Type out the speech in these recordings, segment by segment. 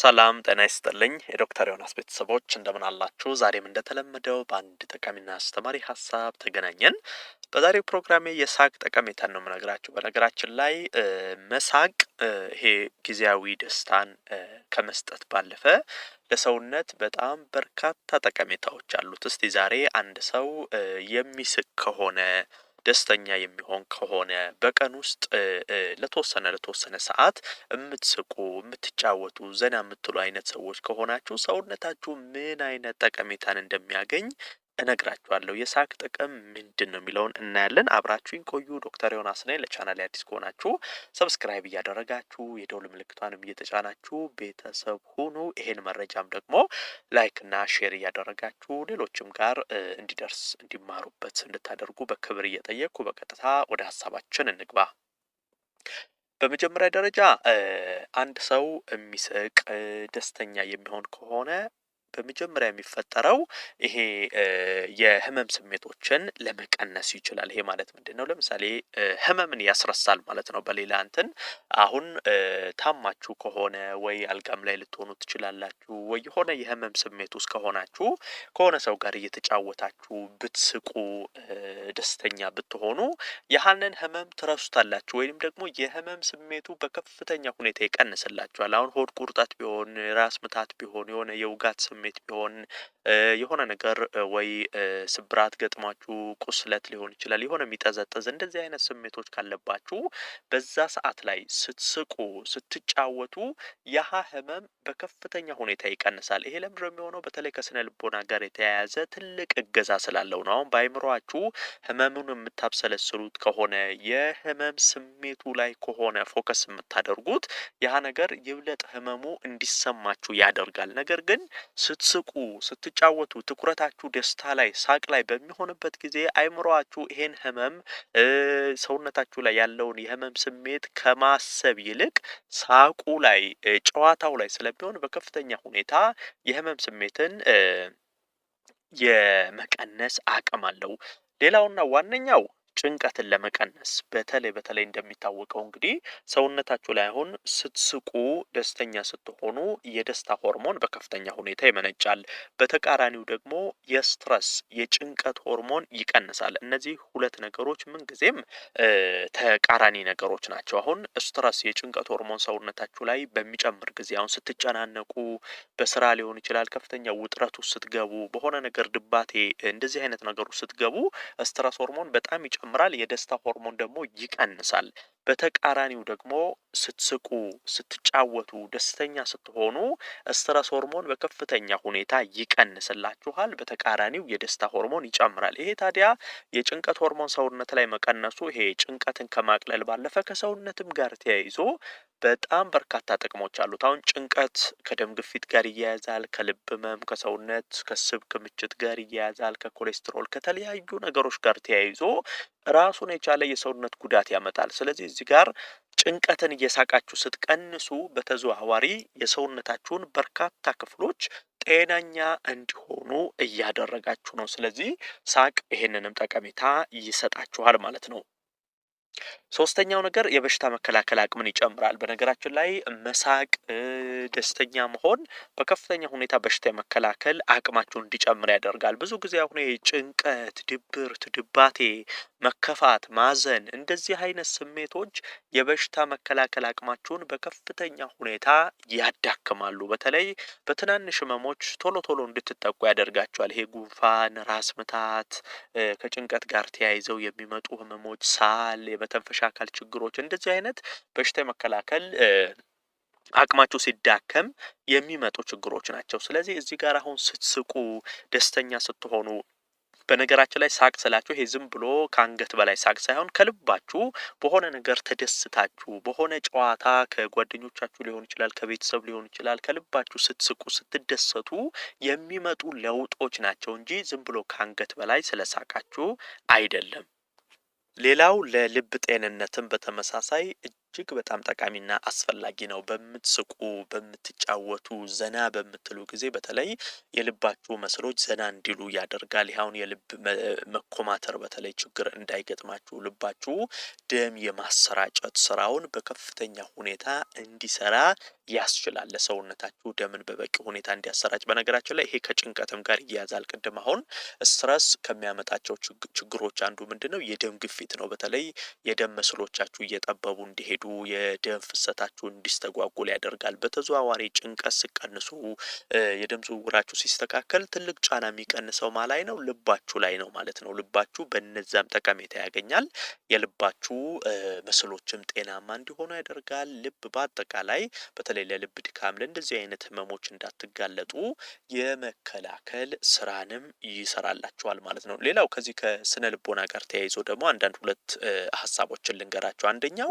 ሰላም ጤና ይስጥልኝ የዶክተር ዮናስ ቤተሰቦች እንደምን አላችሁ? ዛሬም እንደተለመደው በአንድ ጠቃሚና አስተማሪ ሀሳብ ተገናኘን። በዛሬው ፕሮግራሜ የሳቅ ጠቀሜታን ነው የምነግራችሁ። በነገራችን ላይ መሳቅ ይሄ ጊዜያዊ ደስታን ከመስጠት ባለፈ ለሰውነት በጣም በርካታ ጠቀሜታዎች አሉት። እስቲ ዛሬ አንድ ሰው የሚስቅ ከሆነ ደስተኛ የሚሆን ከሆነ በቀን ውስጥ ለተወሰነ ለተወሰነ ሰዓት የምትስቁ የምትጫወቱ፣ ዘና የምትሉ አይነት ሰዎች ከሆናችሁ ሰውነታችሁ ምን አይነት ጠቀሜታን እንደሚያገኝ እነግራችኋለሁ። የሳቅ ጥቅም ምንድን ነው የሚለውን እናያለን። አብራችሁኝ ቆዩ። ዶክተር ዮናስ ነኝ። ለቻናል አዲስ ከሆናችሁ ሰብስክራይብ እያደረጋችሁ የደውል ምልክቷንም እየተጫናችሁ ቤተሰብ ሁኑ። ይሄን መረጃም ደግሞ ላይክና ሼር እያደረጋችሁ ሌሎችም ጋር እንዲደርስ እንዲማሩበት እንድታደርጉ በክብር እየጠየቅኩ በቀጥታ ወደ ሀሳባችን እንግባ። በመጀመሪያ ደረጃ አንድ ሰው የሚስቅ ደስተኛ የሚሆን ከሆነ በመጀመሪያ የሚፈጠረው ይሄ የህመም ስሜቶችን ለመቀነስ ይችላል። ይሄ ማለት ምንድን ነው? ለምሳሌ ህመምን ያስረሳል ማለት ነው። በሌላ እንትን አሁን ታማችሁ ከሆነ ወይ አልጋም ላይ ልትሆኑ ትችላላችሁ፣ ወይ የሆነ የህመም ስሜት ውስጥ ከሆናችሁ ከሆነ ሰው ጋር እየተጫወታችሁ ብትስቁ፣ ደስተኛ ብትሆኑ ያህንን ህመም ትረሱታላችሁ፣ ወይም ደግሞ የህመም ስሜቱ በከፍተኛ ሁኔታ ይቀንስላችኋል። አሁን ሆድ ቁርጠት ቢሆን ራስ ምታት ቢሆን የሆነ የውጋት ስሜት It's on የሆነ ነገር ወይ ስብራት ገጥማችሁ ቁስለት ሊሆን ይችላል። የሆነ የሚጠዘጠዝ እንደዚህ አይነት ስሜቶች ካለባችሁ በዛ ሰዓት ላይ ስትስቁ፣ ስትጫወቱ ያሀ ህመም በከፍተኛ ሁኔታ ይቀንሳል። ይሄ ለምድ የሚሆነው በተለይ ከስነ ልቦና ጋር የተያያዘ ትልቅ እገዛ ስላለው ነው። አሁን በአይምሯችሁ ህመሙን የምታብሰለስሉት ከሆነ የህመም ስሜቱ ላይ ከሆነ ፎከስ የምታደርጉት ያህ ነገር ይብለጥ ህመሙ እንዲሰማችሁ ያደርጋል። ነገር ግን ስትስቁ ስት ስትጫወቱ ትኩረታችሁ ደስታ ላይ ሳቅ ላይ በሚሆንበት ጊዜ አይምሯችሁ ይሄን ህመም ሰውነታችሁ ላይ ያለውን የህመም ስሜት ከማሰብ ይልቅ ሳቁ ላይ ጨዋታው ላይ ስለሚሆን በከፍተኛ ሁኔታ የህመም ስሜትን የመቀነስ አቅም አለው። ሌላውና ዋነኛው ጭንቀትን ለመቀነስ በተለይ በተለይ እንደሚታወቀው እንግዲህ ሰውነታችሁ ላይ አሁን ስትስቁ ደስተኛ ስትሆኑ የደስታ ሆርሞን በከፍተኛ ሁኔታ ይመነጫል። በተቃራኒው ደግሞ የስትረስ የጭንቀት ሆርሞን ይቀንሳል። እነዚህ ሁለት ነገሮች ምንጊዜም ተቃራኒ ነገሮች ናቸው። አሁን ስትረስ የጭንቀት ሆርሞን ሰውነታችሁ ላይ በሚጨምር ጊዜ አሁን ስትጨናነቁ፣ በስራ ሊሆን ይችላል ከፍተኛ ውጥረቱ ስትገቡ፣ በሆነ ነገር ድባቴ፣ እንደዚህ አይነት ነገር ስትገቡ ስትረስ ሆርሞን በጣም ይጨምራል፣ የደስታ ሆርሞን ደግሞ ይቀንሳል። በተቃራኒው ደግሞ ስትስቁ፣ ስትጫወቱ፣ ደስተኛ ስትሆኑ ስትረስ ሆርሞን በከፍተኛ ሁኔታ ይቀንስላችኋል። በተቃራኒው የደስታ ሆርሞን ይጨምራል። ይሄ ታዲያ የጭንቀት ሆርሞን ሰውነት ላይ መቀነሱ ይሄ ጭንቀትን ከማቅለል ባለፈ ከሰውነትም ጋር ተያይዞ በጣም በርካታ ጥቅሞች አሉት። አሁን ጭንቀት ከደም ግፊት ጋር እያያዛል፣ ከልብ ህመም፣ ከሰውነት ከስብ ክምችት ጋር እያያዛል ከኮሌስትሮል ከተለያዩ ነገሮች ጋር ተያይዞ ራሱን የቻለ የሰውነት ጉዳት ያመጣል። ስለዚህ እዚህ ጋር ጭንቀትን እየሳቃችሁ ስትቀንሱ በተዘዋዋሪ የሰውነታችሁን በርካታ ክፍሎች ጤናኛ እንዲሆኑ እያደረጋችሁ ነው። ስለዚህ ሳቅ ይህንንም ጠቀሜታ ይሰጣችኋል ማለት ነው። ሶስተኛው ነገር የበሽታ መከላከል አቅምን ይጨምራል። በነገራችን ላይ መሳቅ፣ ደስተኛ መሆን በከፍተኛ ሁኔታ በሽታ የመከላከል አቅማችሁን እንዲጨምር ያደርጋል። ብዙ ጊዜ አሁን ጭንቀት፣ ድብርት፣ ድባቴ፣ መከፋት፣ ማዘን እንደዚህ አይነት ስሜቶች የበሽታ መከላከል አቅማችሁን በከፍተኛ ሁኔታ ያዳክማሉ። በተለይ በትናንሽ ህመሞች ቶሎ ቶሎ እንድትጠቁ ያደርጋቸዋል። ይሄ ጉንፋን፣ ራስ ምታት፣ ከጭንቀት ጋር ተያይዘው የሚመጡ ህመሞች፣ ሳል፣ የመተንፈሻ አካል ችግሮች እንደዚህ አይነት በሽታ የመከላከል አቅማቸው ሲዳከም የሚመጡ ችግሮች ናቸው። ስለዚህ እዚህ ጋር አሁን ስትስቁ ደስተኛ ስትሆኑ በነገራችን ላይ ሳቅ ስላችሁ ይሄ ዝም ብሎ ከአንገት በላይ ሳቅ ሳይሆን ከልባችሁ በሆነ ነገር ተደስታችሁ በሆነ ጨዋታ ከጓደኞቻችሁ ሊሆን ይችላል፣ ከቤተሰብ ሊሆን ይችላል። ከልባችሁ ስትስቁ ስትደሰቱ የሚመጡ ለውጦች ናቸው እንጂ ዝም ብሎ ከአንገት በላይ ስለሳቃችሁ አይደለም። ሌላው ለልብ ጤንነትም በተመሳሳይ እጅግ በጣም ጠቃሚና አስፈላጊ ነው። በምትስቁ፣ በምትጫወቱ፣ ዘና በምትሉ ጊዜ በተለይ የልባችሁ መስሎች ዘና እንዲሉ ያደርጋል። ይኸውን የልብ መኮማተር በተለይ ችግር እንዳይገጥማችሁ ልባችሁ ደም የማሰራጨት ስራውን በከፍተኛ ሁኔታ እንዲሰራ ያስችላል። ለሰውነታችሁ ደምን በበቂ ሁኔታ እንዲያሰራጭ። በነገራችን ላይ ይሄ ከጭንቀትም ጋር ይያዛል። ቅድም አሁን ስትረስ ከሚያመጣቸው ችግሮች አንዱ ምንድን ነው? የደም ግፊት ነው። በተለይ የደም መስሎቻችሁ እየጠበቡ እንዲሄዱ ብትሄዱ የደም ፍሰታችሁ እንዲስተጓጎል ያደርጋል። በተዘዋዋሪ ጭንቀት ስቀንሱ፣ የደም ዝውውራችሁ ሲስተካከል ትልቅ ጫና የሚቀንሰው ማ ላይ ነው? ልባችሁ ላይ ነው ማለት ነው። ልባችሁ በነዛም ጠቀሜታ ያገኛል። የልባችሁ ምስሎችም ጤናማ እንዲሆኑ ያደርጋል። ልብ በአጠቃላይ በተለይ ለልብ ድካም፣ ለእንደዚህ አይነት ህመሞች እንዳትጋለጡ የመከላከል ስራንም ይሰራላችኋል ማለት ነው። ሌላው ከዚህ ከስነ ልቦና ጋር ተያይዞ ደግሞ አንዳንድ ሁለት ሀሳቦችን ልንገራቸው። አንደኛው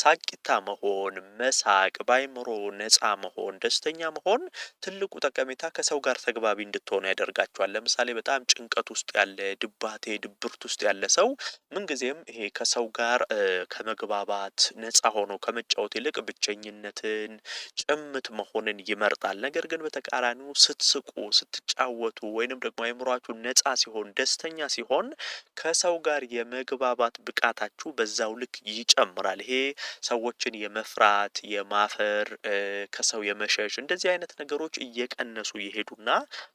ሳቂታ መሆን፣ መሳቅ፣ ባይምሮ ነፃ መሆን፣ ደስተኛ መሆን ትልቁ ጠቀሜታ ከሰው ጋር ተግባቢ እንድትሆኑ ያደርጋቸዋል። ለምሳሌ በጣም ጭንቀት ውስጥ ያለ ድባቴ፣ ድብርት ውስጥ ያለ ሰው ምንጊዜም ይሄ ከሰው ጋር ከመግባባት ነፃ ሆኖ ከመጫወት ይልቅ ብቸኝነትን፣ ጭምት መሆንን ይመርጣል። ነገር ግን በተቃራኒው ስትስቁ፣ ስትጫወቱ ወይንም ደግሞ አይምሯችሁ ነፃ ሲሆን፣ ደስተኛ ሲሆን ከሰው ጋር የመግባባት ብቃታችሁ በዛው ልክ ይጨምራል። ይሄ ሰዎችን የመፍራት የማፈር ከሰው የመሸሽ እንደዚህ አይነት ነገሮች እየቀነሱ ይሄዱና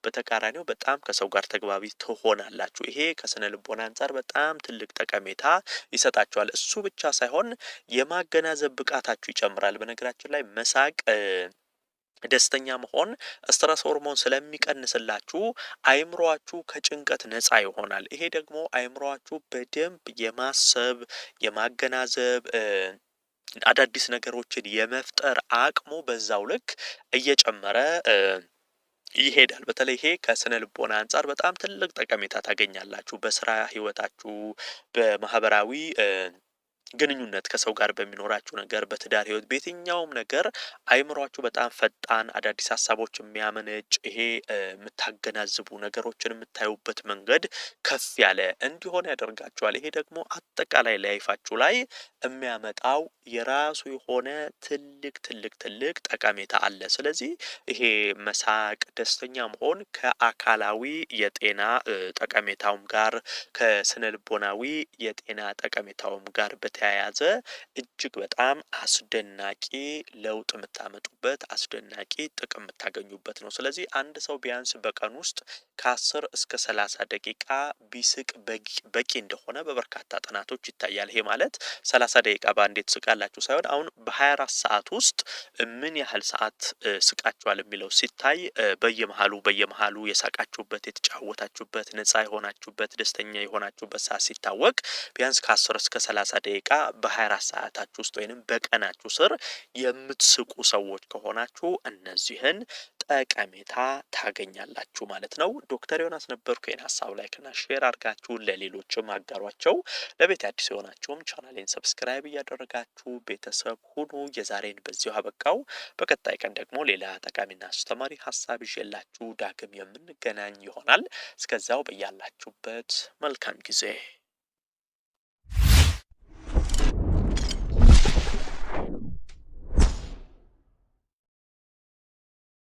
በተቃራኒው በጣም ከሰው ጋር ተግባቢ ትሆናላችሁ። ይሄ ከስነ ልቦና አንጻር በጣም ትልቅ ጠቀሜታ ይሰጣችኋል። እሱ ብቻ ሳይሆን የማገናዘብ ብቃታችሁ ይጨምራል። በነገራችን ላይ መሳቅ ደስተኛ መሆን ስትረስ ሆርሞን ስለሚቀንስላችሁ አይምሯችሁ ከጭንቀት ነፃ ይሆናል። ይሄ ደግሞ አይምሯችሁ በደንብ የማሰብ የማገናዘብ አዳዲስ ነገሮችን የመፍጠር አቅሙ በዛው ልክ እየጨመረ ይሄዳል። በተለይ ይሄ ከስነ ልቦና አንጻር በጣም ትልቅ ጠቀሜታ ታገኛላችሁ በስራ ህይወታችሁ በማህበራዊ ግንኙነት ከሰው ጋር በሚኖራችሁ ነገር በትዳር ህይወት በየትኛውም ነገር አይምሯችሁ በጣም ፈጣን አዳዲስ ሀሳቦች የሚያመነጭ ይሄ የምታገናዝቡ ነገሮችን የምታዩበት መንገድ ከፍ ያለ እንዲሆን ያደርጋችኋል። ይሄ ደግሞ አጠቃላይ ላይፋችሁ ላይ የሚያመጣው የራሱ የሆነ ትልቅ ትልቅ ትልቅ ጠቀሜታ አለ። ስለዚህ ይሄ መሳቅ፣ ደስተኛ መሆን ከአካላዊ የጤና ጠቀሜታውም ጋር ከስነ ልቦናዊ የጤና ጠቀሜታውም ጋር በተ ከያዘ እጅግ በጣም አስደናቂ ለውጥ የምታመጡበት አስደናቂ ጥቅም የምታገኙበት ነው። ስለዚህ አንድ ሰው ቢያንስ በቀን ውስጥ ከአስር እስከ ሰላሳ ደቂቃ ቢስቅ በቂ እንደሆነ በበርካታ ጥናቶች ይታያል። ይሄ ማለት ሰላሳ ደቂቃ በአንዴ ትስቃላችሁ ሳይሆን አሁን በሀያ አራት ሰዓት ውስጥ ምን ያህል ሰዓት ስቃችኋል የሚለው ሲታይ በየመሀሉ በየመሀሉ የሳቃችሁበት የተጫወታችሁበት ነፃ የሆናችሁበት ደስተኛ የሆናችሁበት ሰዓት ሲታወቅ ቢያንስ ከአስር እስከ ሰላሳ ደቂቃ ደቂቃ በ24 ሰዓታችሁ ውስጥ ወይንም በቀናችሁ ስር የምትስቁ ሰዎች ከሆናችሁ እነዚህን ጠቀሜታ ታገኛላችሁ ማለት ነው። ዶክተር ዮናስ ነበርኩ። ይህን ሀሳብ ላይክና ሼር አድርጋችሁ ለሌሎችም አጋሯቸው። ለቤት አዲስ የሆናችሁም ቻናሌን ሰብስክራይብ እያደረጋችሁ ቤተሰብ ሁኑ። የዛሬን በዚሁ አበቃው። በቀጣይ ቀን ደግሞ ሌላ ጠቃሚና አስተማሪ ሀሳብ ይዤላችሁ ዳግም የምንገናኝ ይሆናል። እስከዛው በያላችሁበት መልካም ጊዜ